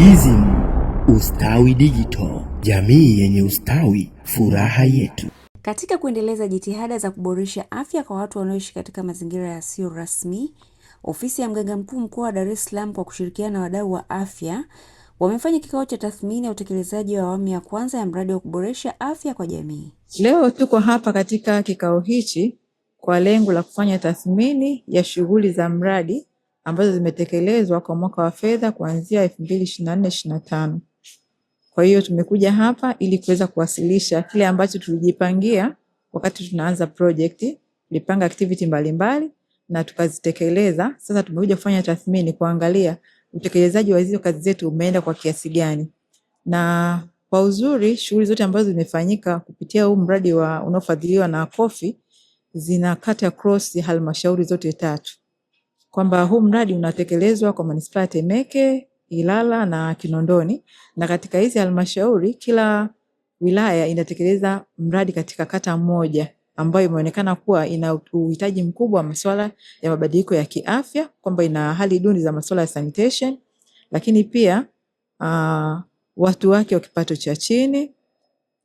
Dizim, ustawi digital, jamii yenye ustawi, furaha yetu. Katika kuendeleza jitihada za kuboresha afya kwa watu wanaoishi katika mazingira yasiyo rasmi, ofisi ya mganga mkuu mkoa wa Dar es Salaam kwa kushirikiana na wadau wa afya wamefanya kikao cha tathmini ya utekelezaji wa awamu ya kwanza ya mradi wa kuboresha afya kwa jamii. Leo tuko hapa katika kikao hichi kwa lengo la kufanya tathmini ya shughuli za mradi ambazo zimetekelezwa kwa mwaka wa fedha kuanzia 2024 mbili Kwa hiyo tumekuja hapa ili kuweza kuwasilisha kile ambacho tulijipangia wakati tunaanza project, tulipanga activity mbalimbali mbali, na tukazitekeleza. Sasa tumekuja kufanya tathmini kuangalia utekelezaji wa hizo kazi zetu umeenda kwa kiasi gani. Na kwa uzuri shughuli zote ambazo zimefanyika kupitia huu mradi wa unaofadhiliwa na Kofi zinakata cross halmashauri zote tatu kwamba huu mradi unatekelezwa kwa manispaa ya Temeke, Ilala na Kinondoni, na katika hizi halmashauri kila wilaya inatekeleza mradi katika kata moja ambayo imeonekana kuwa ina uhitaji mkubwa wa masuala ya mabadiliko ya kiafya, kwamba ina hali duni za masuala ya sanitation, lakini pia uh, watu wake wa kipato cha chini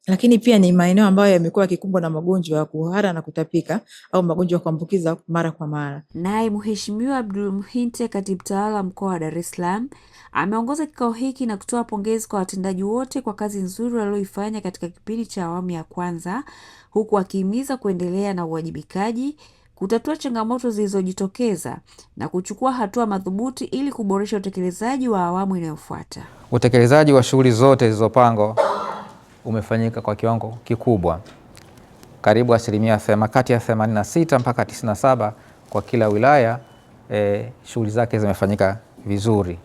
lakini pia ni maeneo ambayo yamekuwa yakikumbwa na magonjwa ya kuhara na kutapika au magonjwa ya kuambukiza mara kwa mara. Naye Mheshimiwa Abdul Muhinte, katibu tawala mkoa wa Dar es Salaam, ameongoza kikao hiki na kutoa pongezi kwa watendaji wote kwa kazi nzuri walioifanya katika kipindi cha awamu ya kwanza, huku akihimiza kuendelea na uwajibikaji, kutatua changamoto zilizojitokeza na kuchukua hatua madhubuti ili kuboresha utekelezaji wa awamu inayofuata. Utekelezaji wa shughuli zote zilizopangwa umefanyika kwa kiwango kikubwa, karibu asilimia kati ya 86 mpaka 97 kwa kila wilaya e, shughuli zake zimefanyika vizuri,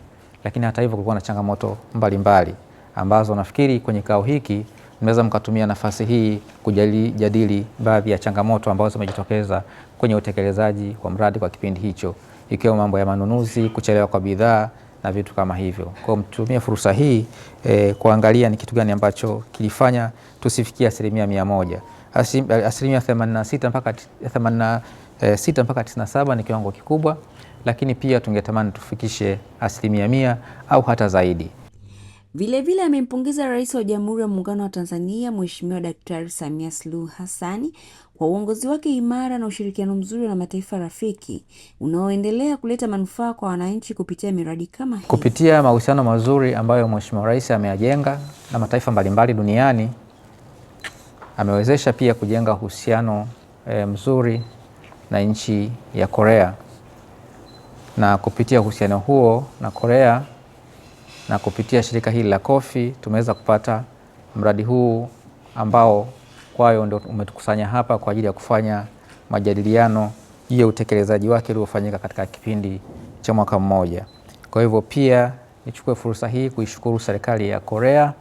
lakini hata hivyo kulikuwa na changamoto mbalimbali mbali, ambazo nafikiri kwenye kikao hiki mnaweza mkatumia nafasi hii kujadili baadhi ya changamoto ambazo zimejitokeza kwenye utekelezaji wa mradi kwa kipindi hicho, ikiwemo mambo ya manunuzi, kuchelewa kwa bidhaa na vitu kama hivyo. Kwa mtumia mtumie fursa hii e, kuangalia ni kitu gani ambacho kilifanya tusifikie asilimia mia moja. Asilimia 86 mpaka 86 mpaka 97 ni kiwango kikubwa, lakini pia tungetamani tufikishe asilimia mia au hata zaidi. Vilevile amempongeza Rais wa Jamhuri ya Muungano wa Tanzania Mheshimiwa Daktari Samia Suluhu Hassani kwa uongozi wake imara na ushirikiano mzuri na mataifa rafiki unaoendelea kuleta manufaa kwa wananchi kupitia miradi kama hii. Kupitia mahusiano mazuri ambayo Mheshimiwa Rais ameyajenga na mataifa mbalimbali duniani, amewezesha pia kujenga uhusiano e, mzuri na nchi ya Korea, na kupitia uhusiano huo na Korea na kupitia shirika hili la Kofi tumeweza kupata mradi huu ambao kwayo ndio umetukusanya hapa kwa ajili ya kufanya majadiliano juu ya utekelezaji wake uliofanyika katika kipindi cha mwaka mmoja. Kwa hivyo pia nichukue fursa hii kuishukuru serikali ya Korea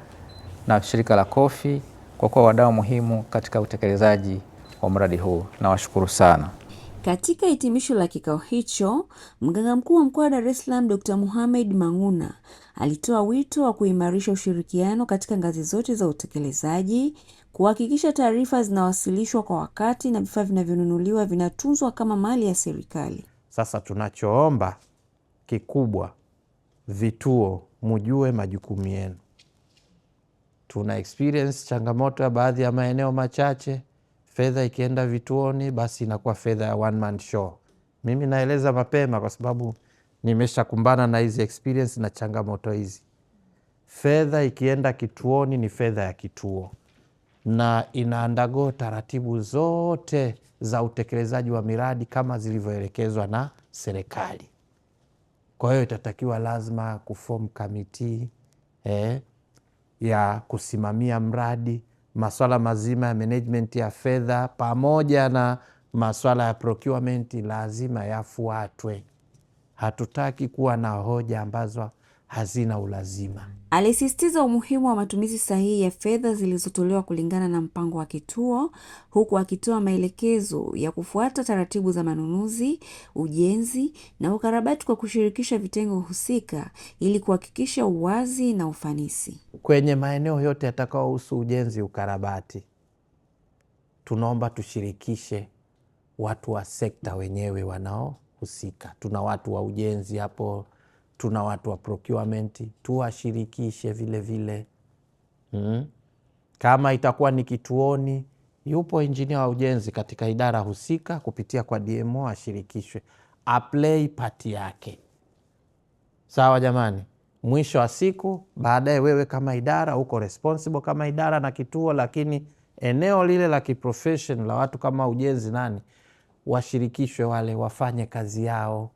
na shirika la Kofi kwa kuwa wadau muhimu katika utekelezaji wa mradi huu. Nawashukuru sana. Katika hitimisho la kikao hicho, mganga mkuu wa mkoa wa Dar es Salaam Dr. Mohamed Mang'una alitoa wito wa kuimarisha ushirikiano katika ngazi zote za utekelezaji, kuhakikisha taarifa zinawasilishwa kwa wakati na vifaa vinavyonunuliwa vinatunzwa kama mali ya serikali. Sasa tunachoomba kikubwa, vituo mujue majukumu yenu. Tuna experience changamoto ya baadhi ya maeneo machache Fedha ikienda vituoni, basi inakuwa fedha ya one man show. Mimi naeleza mapema kwa sababu nimeshakumbana na hizi experience na changamoto hizi. Fedha ikienda kituoni ni fedha ya kituo na inaandago taratibu zote za utekelezaji wa miradi kama zilivyoelekezwa na serikali. Kwa hiyo itatakiwa lazima kuform kamiti eh, ya kusimamia mradi maswala mazima ya management ya fedha pamoja na maswala ya procurement lazima yafuatwe. Hatutaki kuwa na hoja ambazo hazina ulazima. Alisisitiza umuhimu wa matumizi sahihi ya fedha zilizotolewa kulingana na mpango wa kituo, huku akitoa maelekezo ya kufuata taratibu za manunuzi, ujenzi na ukarabati kwa kushirikisha vitengo husika ili kuhakikisha uwazi na ufanisi kwenye maeneo yote yatakayohusu ujenzi, ukarabati. Tunaomba tushirikishe watu wa sekta wenyewe wanaohusika. Tuna watu wa ujenzi hapo tuna watu wa procurement tuwashirikishe vilevile hmm. Kama itakuwa ni kituoni, yupo injinia wa ujenzi katika idara husika, kupitia kwa DMO ashirikishwe, aplay pati yake. Sawa jamani, mwisho wa siku, baadaye wewe kama idara huko responsible kama idara na kituo, lakini eneo lile la kiprofession la watu kama ujenzi nani, washirikishwe wale wafanye kazi yao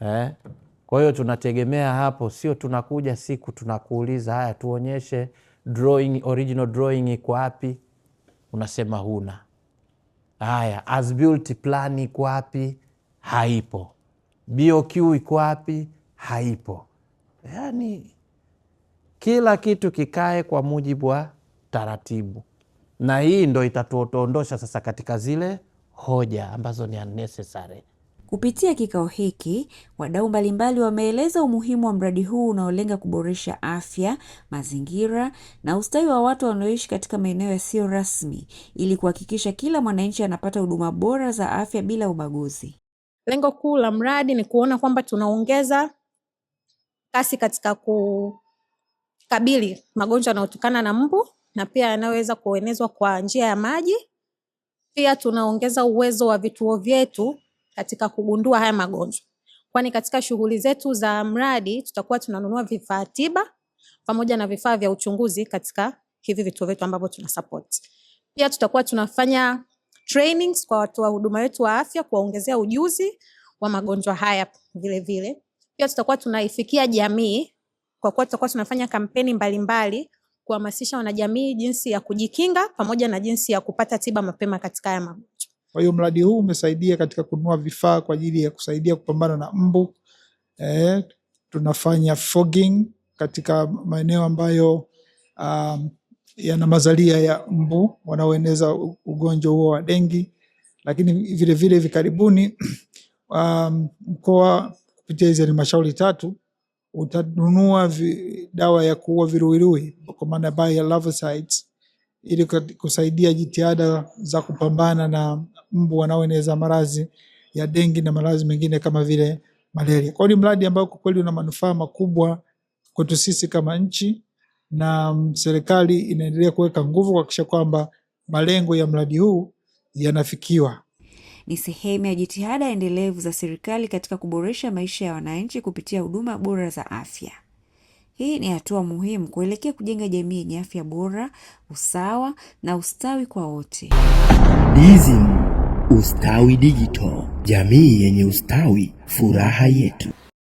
eh? Kwa hiyo tunategemea hapo, sio tunakuja siku tunakuuliza haya, tuonyeshe drawing, original drawing iko wapi? Unasema huna. Haya, as built plan iko wapi? Haipo. BOQ iko wapi? Haipo. Yani kila kitu kikae kwa mujibu wa taratibu, na hii ndo itatuondosha sasa katika zile hoja ambazo ni unnecessary. Kupitia kikao hiki, wadau mbalimbali wameeleza umuhimu wa mradi huu unaolenga kuboresha afya, mazingira na ustawi wa watu wanaoishi katika maeneo yasiyo rasmi ili kuhakikisha kila mwananchi anapata huduma bora za afya bila ubaguzi. Lengo kuu la mradi ni kuona kwamba tunaongeza kasi katika kukabili magonjwa yanayotokana na mbu na pia yanayoweza kuenezwa kwa njia ya maji. Pia tunaongeza uwezo wa vituo vyetu katika kugundua haya magonjwa, kwani katika shughuli zetu za mradi tutakuwa tunanunua vifaa tiba pamoja na vifaa vya uchunguzi katika hivi vituo vyetu ambavyo tuna support. Pia tutakuwa tunafanya trainings kwa watu wa huduma wetu wa afya kuwaongezea ujuzi wa magonjwa haya vile vile. Pia tutakuwa tunaifikia jamii kwa kuwa tutakuwa tunafanya kampeni mbalimbali kuhamasisha wanajamii jinsi ya kujikinga pamoja na jinsi ya kupata tiba mapema katika haya magonjwa. Kwa hiyo mradi huu umesaidia katika kununua vifaa kwa ajili ya kusaidia kupambana na mbu. E, tunafanya fogging katika maeneo ambayo um, yana mazalia ya mbu wanaoeneza ugonjwa huo wa dengi, lakini vile vile hivi karibuni um, mkoa um, kupitia hizi halmashauri tatu utanunua dawa ya kuua viruirui kwa maana ya bioluminescent ili kusaidia jitihada za kupambana na mbu wanaoeneza maradhi ya dengi na maradhi mengine kama vile malaria. Kwa hiyo ni mradi ambao kwa kweli una manufaa makubwa kwetu sisi kama nchi, na mm, serikali inaendelea kuweka nguvu kuhakikisha kwamba malengo ya mradi huu yanafikiwa. Ni sehemu ya jitihada endelevu za serikali katika kuboresha maisha ya wananchi kupitia huduma bora za afya. Hii ni hatua muhimu kuelekea kujenga jamii yenye afya bora, usawa na ustawi kwa wote. Ustawi Digital, jamii yenye ustawi, furaha yetu.